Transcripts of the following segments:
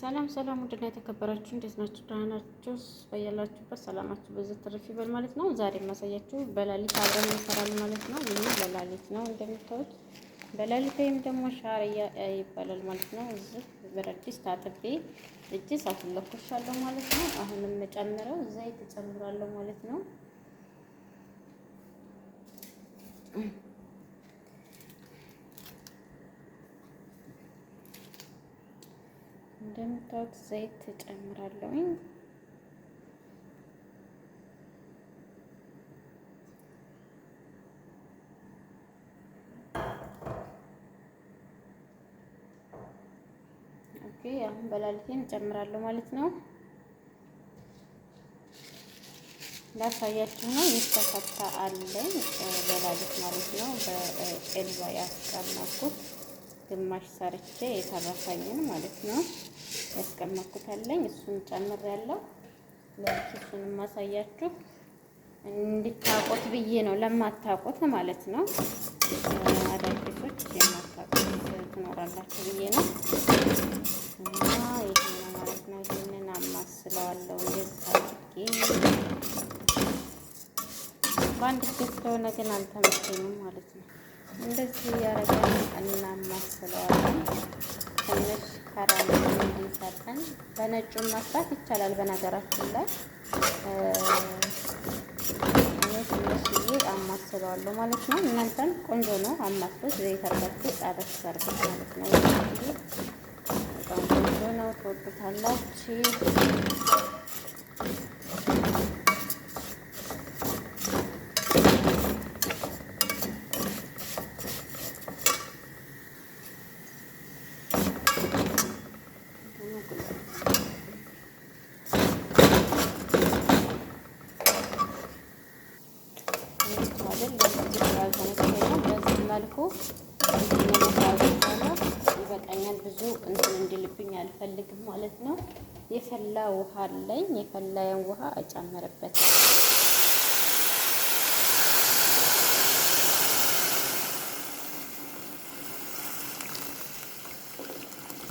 ሰላም ሰላም፣ ውድና የተከበራችሁ እንዴት ናችሁ? ደህና ናችሁ? በያላችሁበት ሰላማችሁ ብዙ ትርፍ ይበል ማለት ነው። ዛሬ የማሳያችሁ በላሊት አብረን እንሰራለን ማለት ነው። ይህ በላሊት ነው እንደምታዩት፣ በላሊት ወይም ደግሞ ሻርያ ይባላል ማለት ነው። እዚህ ብረት ድስት አጥቤ እጅ ለኩሻለሁ ማለት ነው። አሁንም መጨምረው ዘይት እጨምራለሁ ማለት ነው። እንደምታዩት ዘይት ትጨምራለሁኝ። ኦኬ አሁን እጨምራለሁ ማለት ነው። ላሳያችሁ ነው። የተፈታ አለኝ በላልት ማለት ነው። በኤልባ ያስቀመጥኩት ግማሽ ሰርቼ የተረፈኝን ማለት ነው ያስቀመጥኩታለኝ። እሱን ጨምር ያለው እሱን ማሳያችሁ እንድታቆት ብዬ ነው። ለማታቆት ማለት ነው አዳዲሶች የማታቆት ትኖራላችሁ ብዬ ነው እና ይሄ ነው ማለት ነው። ይህንን አማስለዋለሁ አድርጌ በአንድ ጊዜ ስለሆነ ግን አልተመቸኝም ማለት ነው። በነጩም መስራት ይቻላል። በነገራችን ላይ እኔ ትንሽዬ አማስለዋለሁ ማለት ነው። እናንተም ቆንጆ ነው አማስሎት ዘይት አርጋችሁ ጣበስ አርጉት ማለት ነው። በጣም ቆንጆ ነው። ትወዱታላችሁ። የፈላ ውሃ አለኝ። የፈላየን ውሃ እጨምርበት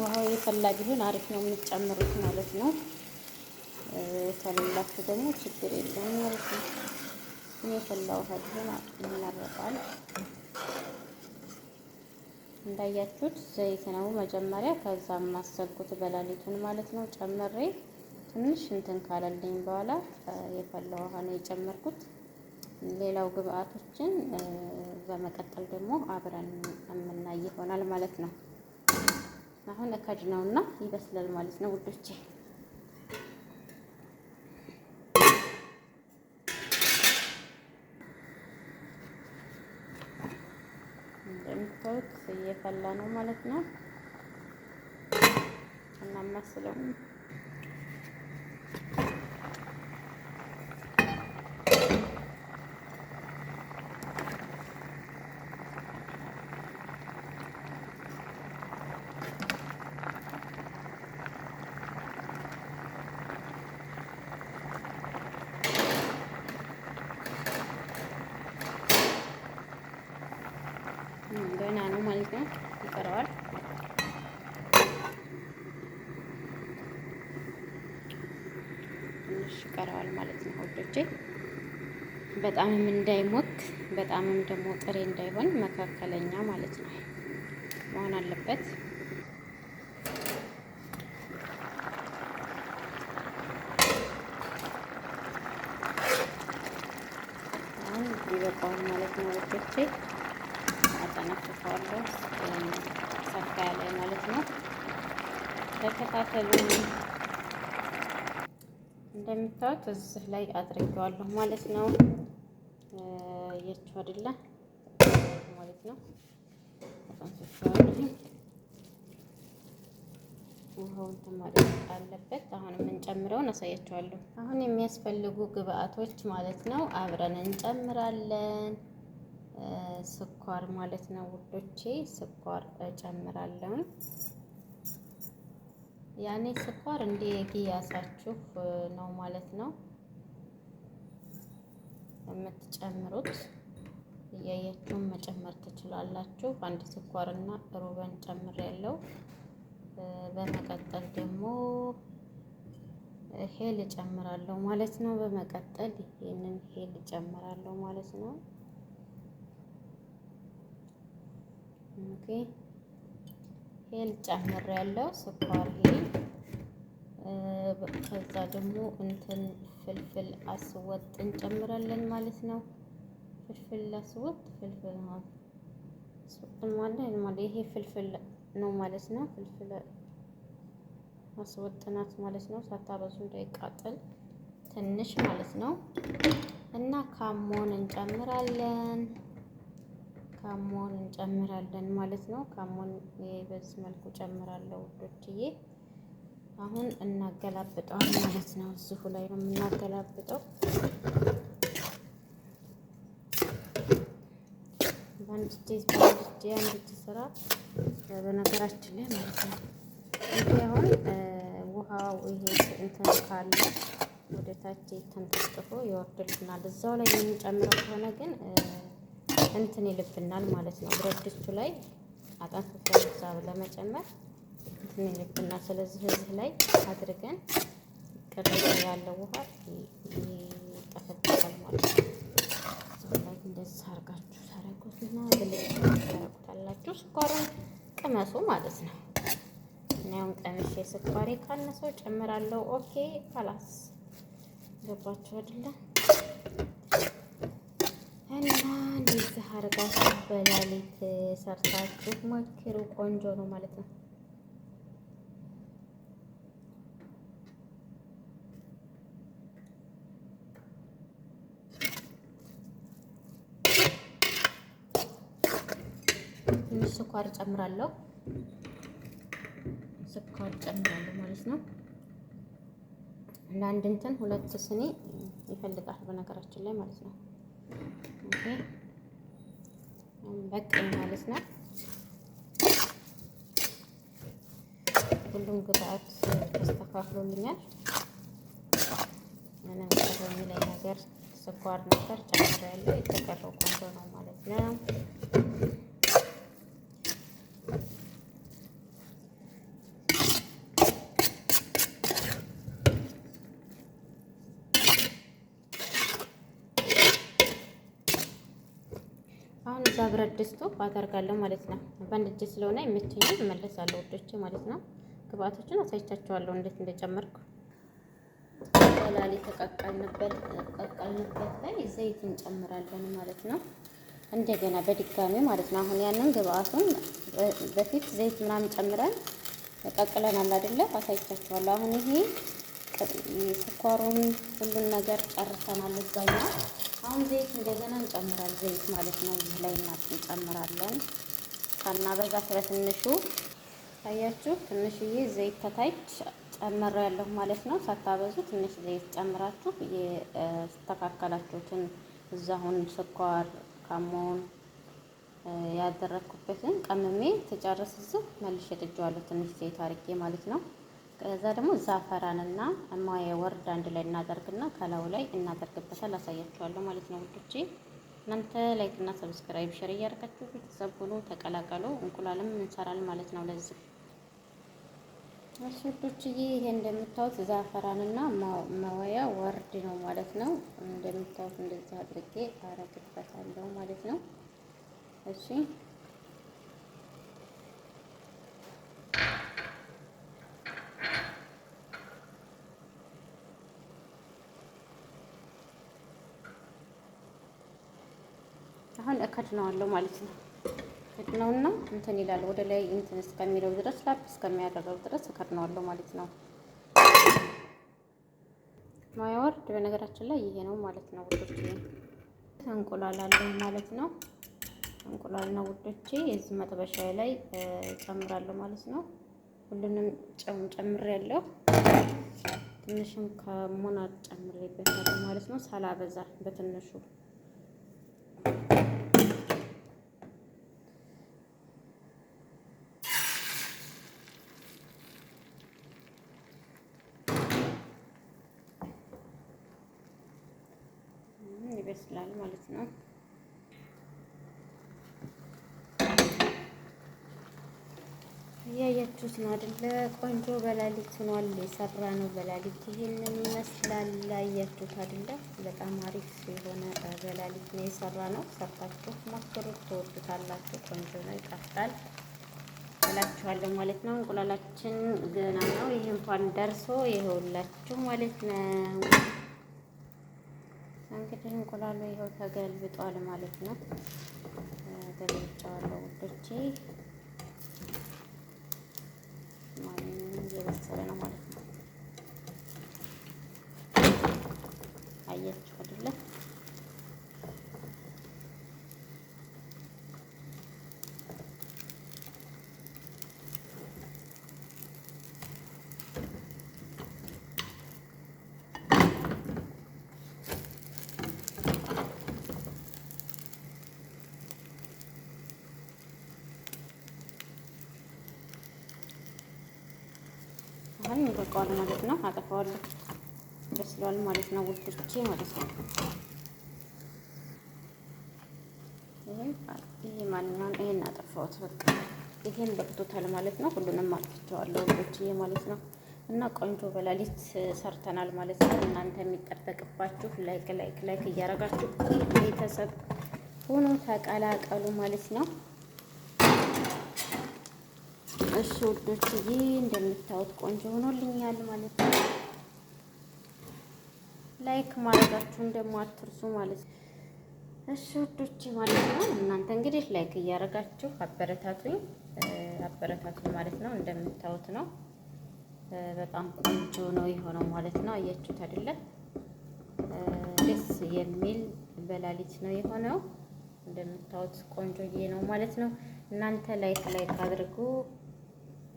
ውሃው የፈላ ቢሆን አሪፍ ነው የምትጨምሩት ማለት ነው። ከሌላችሁ ደግሞ ችግር የለም ማለት ነው። የፈላ ውሃ ቢሆን ይመረጣል። እንዳያችሁት ዘይት ነው መጀመሪያ። ከዛም ማሰልኩት በላሊቱን ማለት ነው ጨምሬ ትንሽ እንትን ካለልኝ በኋላ የፈላ ውሃ ነው የጨመርኩት። ሌላው ግብአቶችን በመቀጠል ደግሞ አብረን የምናይ ይሆናል ማለት ነው። አሁን እከድ ነውና ይበስላል ማለት ነው ውዶቼ። እንደምታዩት እየፈላ ነው ማለት ነው እና ማለት ነው ውዶቼ። በጣምም እንዳይሞክ በጣምም ደግሞ ጥሬ እንዳይሆን መካከለኛ ማለት ነው መሆን አለበት። አሁን ይበቃዋል ማለት ነው ውዶቼ። አጠናቅቀዋለሁ ሰፋ ያለ ማለት ነው። ተከታተሉኝ። እንደምታዩት እዚህ ላይ አድርጌዋለሁ ማለት ነው። የቸው አይደለ ማለት ነው። ውሃውን ተማሪት አለበት። አሁን የምንጨምረውን አሳያቸዋለሁ። አሁን የሚያስፈልጉ ግብአቶች ማለት ነው አብረን እንጨምራለን። ስኳር ማለት ነው ውዶቼ፣ ስኳር እጨምራለሁ። ያኔ ስኳር እንደ ግያሳችሁ ነው ማለት ነው የምትጨምሩት። እያያችሁን መጨመር ትችላላችሁ። አንድ ስኳር እና ሩበን ጨምር ያለው። በመቀጠል ደግሞ ሄል እጨምራለሁ ማለት ነው። በመቀጠል ይህንን ሄል እጨምራለሁ ማለት ነው። ኦኬ ሄል ጨምር ያለው ስኳር ሄል ከዛ ደግሞ እንትን ፍልፍል አስወጥ እንጨምራለን ማለት ነው። ፍልፍል አስወጥ ፍልፍል ማለት ማለት ማለት ይሄ ፍልፍል ነው ማለት ነው። ፍልፍል አስወጥናት ማለት ነው። ሳታበዙ እንዳይቃጠል ትንሽ ማለት ነው እና ካሞን እንጨምራለን ካሞን እንጨምራለን ማለት ነው። ካሞን በዚህ መልኩ ጨምራለሁ ውዶችዬ። አሁን እናገላብጠዋል ማለት ነው። እዚሁ ላይ ነው የምናገላብጠው። በአንድ አንድ ስራ በነገራችን ላይ ማለት ነው። ይሄ አሁን ውሃው ይሄ እንትን ካለ ወደ ታች ተንጠፍጥፎ ይወርድልናል። እዛው ላይ የምንጨምረው ከሆነ ግን እንትን ይልብናል ማለት ነው። ብረት ድስቱ ላይ አጣፍተን ሳብ ለመጨመር እንትን ይልብናል። ስለዚህ እዚህ ላይ አድርገን ቅርብ ያለው ውሃ ይጠፈጠፋል ማለት ነው። እንደዚህ አድርጋችሁ ታረጉትና ታረጉታላችሁ። ስኳሩን ቅመሱ ማለት ነው። እኔም ቀምሼ ስኳሬ ካነሰው ጨምራለሁ። ኦኬ ፓላስ ገባችሁ አይደለ? አርጋችሁ በላሊት ሰርታችሁ ሞክሩ። ቆንጆ ነው ማለት ነው። ትንሽ ስኳር ጨምራለሁ። ስኳር ጨምራለሁ ማለት ነው። ለአንድ እንትን ሁለት ስኒ ይፈልጋል በነገራችን ላይ ማለት ነው። ኦኬ በቃኝ ማለት ነው። ሁሉም ግብአት ተስተካክሎልኛል። ምንም ቀረ የሚለኝ ነገር ስኳር ነበር ጨምሬያለሁ። የተቀረው ቆንጆ ነው ማለት ነው። በብረት ድስቱ አደርጋለሁ ማለት ነው። በአንድ እጄ ስለሆነ የምችኝ እመለሳለሁ ወዶቼ ማለት ነው። ግብአቶችን አሳይቻቸዋለሁ እንዴት እንደጨመርኩ። ሰላሌ ተቀቀልንበት ተቀቀልንበት ላይ ዘይት እንጨምራለን ማለት ነው። እንደገና በድጋሚ ማለት ነው። አሁን ያንን ግብአቱን በፊት ዘይት ምናምን ጨምረን ቀቅለናል አይደለ? አሳይቻቸዋለሁ። አሁን ይሄ ስኳሩን ሁሉን ነገር ጨርሰናል እዛኛው አሁን ዘይት እንደገና እንጨምራል። ዘይት ማለት ነው። እዚህ ላይ እናስ እንጨምራለን። ሳናበዛ ስለ ትንሹ ታያችሁ፣ ትንሽዬ ዘይት ከታች ጨምራ ያለሁ ማለት ነው። ሳታበዙ ትንሽ ዘይት ጨምራችሁ የተስተካከላችሁትን እዛ አሁን ስኳር ካሞን ያደረግኩበትን ቀምሜ ተጨረስዝ መልሼ ጥጄዋለሁ። ትንሽ ዘይት አርጌ ማለት ነው። ከዛ ደግሞ ዛፈራን እና ማየ ወርድ አንድ ላይ እናደርግና ከላዩ ላይ እናደርግበታል። አሳያችኋለሁ ማለት ነው ውዶቼ። እናንተ ላይክ እና ሰብስክራይብ ሼር እያደረጋችሁ ቤተሰብ ሁኑ ተቀላቀሉ። እንቁላልም እንሰራል ማለት ነው። ለዚህ እሺ ይሄ እንደምታዩት ዛፈራንና ማወያ ወርድ ነው ማለት ነው። እንደምታዩት እንደዚህ አድርጌ አረግበታለሁ ማለት ነው። እሺ አሁን እከድነዋለሁ ማለት ነው። እከድነውና እንትን ይላል ወደ ላይ እንትን እስከሚለው ድረስ ላፕ እስከሚያደርገው ድረስ እከድነዋለሁ ማለት ነው። ማያወርድ በነገራችን ላይ ይሄ ነው ማለት ነው ውዶቼ። እንቁላላለሁ ማለት ነው። እንቁላል ነው ውዶቼ። እዚህ መጥበሻ ላይ ጨምራለሁ ማለት ነው። ሁሉንም ጨምር ያለው ትንሽም ከሙና ጨምሬበታለሁ ማለት ነው። ሳላበዛ በትንሹ ያያችሁት ነው አይደለ? ቆንጆ በላሊት ሆኗል። የሰራ ነው በላሊት ይሄንን ይመስላል። ያያችሁት አይደለ? በጣም አሪፍ የሆነ በላሊት ነው የሰራ ነው። ሰርታችሁ ሞክሩት፣ ትወዱታላችሁ። ቆንጆ ነው፣ ይጣፍጣል እላችኋለሁ ማለት ነው። እንቁላላችን ገና ነው። ይሄ እንኳን ደርሶ ይሄውላችሁ ማለት ነው። እንግዲህ እንቁላሉ ይኸው ተገልብጧል ማለት ነው። ተገልብጫዋለሁ ውዶቼ Ahí está ahí ከበሰለ ይበቃዋል ማለት ነው። አጠፋዋለሁ። በስሏል ማለት ነው ውዶቼ ማለት ነው። ይህ ማንኛውን ይሄን አጠፋሁት በቃ ይሄን በቅቶታል ማለት ነው። ሁሉንም አጥፍቼዋለሁ ውዶቼ ማለት ነው። እና ቆንጆ በላሊት ሰርተናል ማለት ነው። እናንተ የሚጠበቅባችሁ ላይክ ላይክ ላይክ እያደረጋችሁ ቤተሰብ ሆኖ ተቀላቀሉ ማለት ነው። እሺ ውዶችዬ እንደምታዩት ቆንጆ ሆኖልኛል ማለት ነው። ላይክ ማድረጋችሁን ደግሞ አትርሱ ማለት ነው። እሺ ውዶች ማለት ነው። እናንተ እንግዲህ ላይክ እያደረጋችሁ አበረታቱኝ አበረታቱኝ ማለት ነው። እንደምታዩት ነው። በጣም ቆንጆ ነው የሆነው ማለት ነው። አያችሁት አይደለ? ደስ የሚል በላሊት ነው የሆነው። እንደምታዩት ቆንጆዬ ነው ማለት ነው። እናንተ ላይክ ላይክ አድርጉ።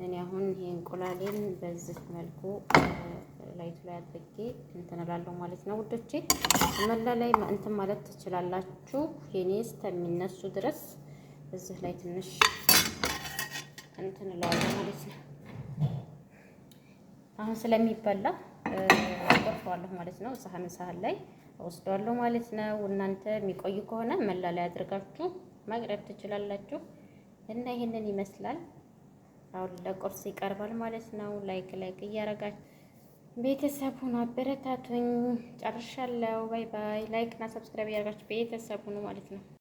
እኔ አሁን ይሄ እንቁላሌን በዚህ መልኩ ላይቱ ላይ አድርጌ እንትን እላለሁ ማለት ነው ውዶቼ። መላ ላይ እንትን ማለት ትችላላችሁ። የኔ እስከሚነሱ ድረስ እዚህ ላይ ትንሽ እንትን እላለሁ ማለት ነው። አሁን ስለሚበላ አቆርጠዋለሁ ማለት ነው። ሳህን ሳህን ላይ ወስደዋለሁ ማለት ነው። እናንተ የሚቆዩ ከሆነ መላ ላይ አድርጋችሁ ማቅረብ ትችላላችሁ እና ይሄንን ይመስላል። አሁን ለቁርስ ይቀርባል ማለት ነው። ላይክ ላይክ እያረጋችሁ ቤተሰብ አበረታቱኝ። ጨርሻለሁ። ባይ ባይ። ላይክ እና ሰብስክራይብ እያረጋችሁ ቤተሰብ ማለት ነው።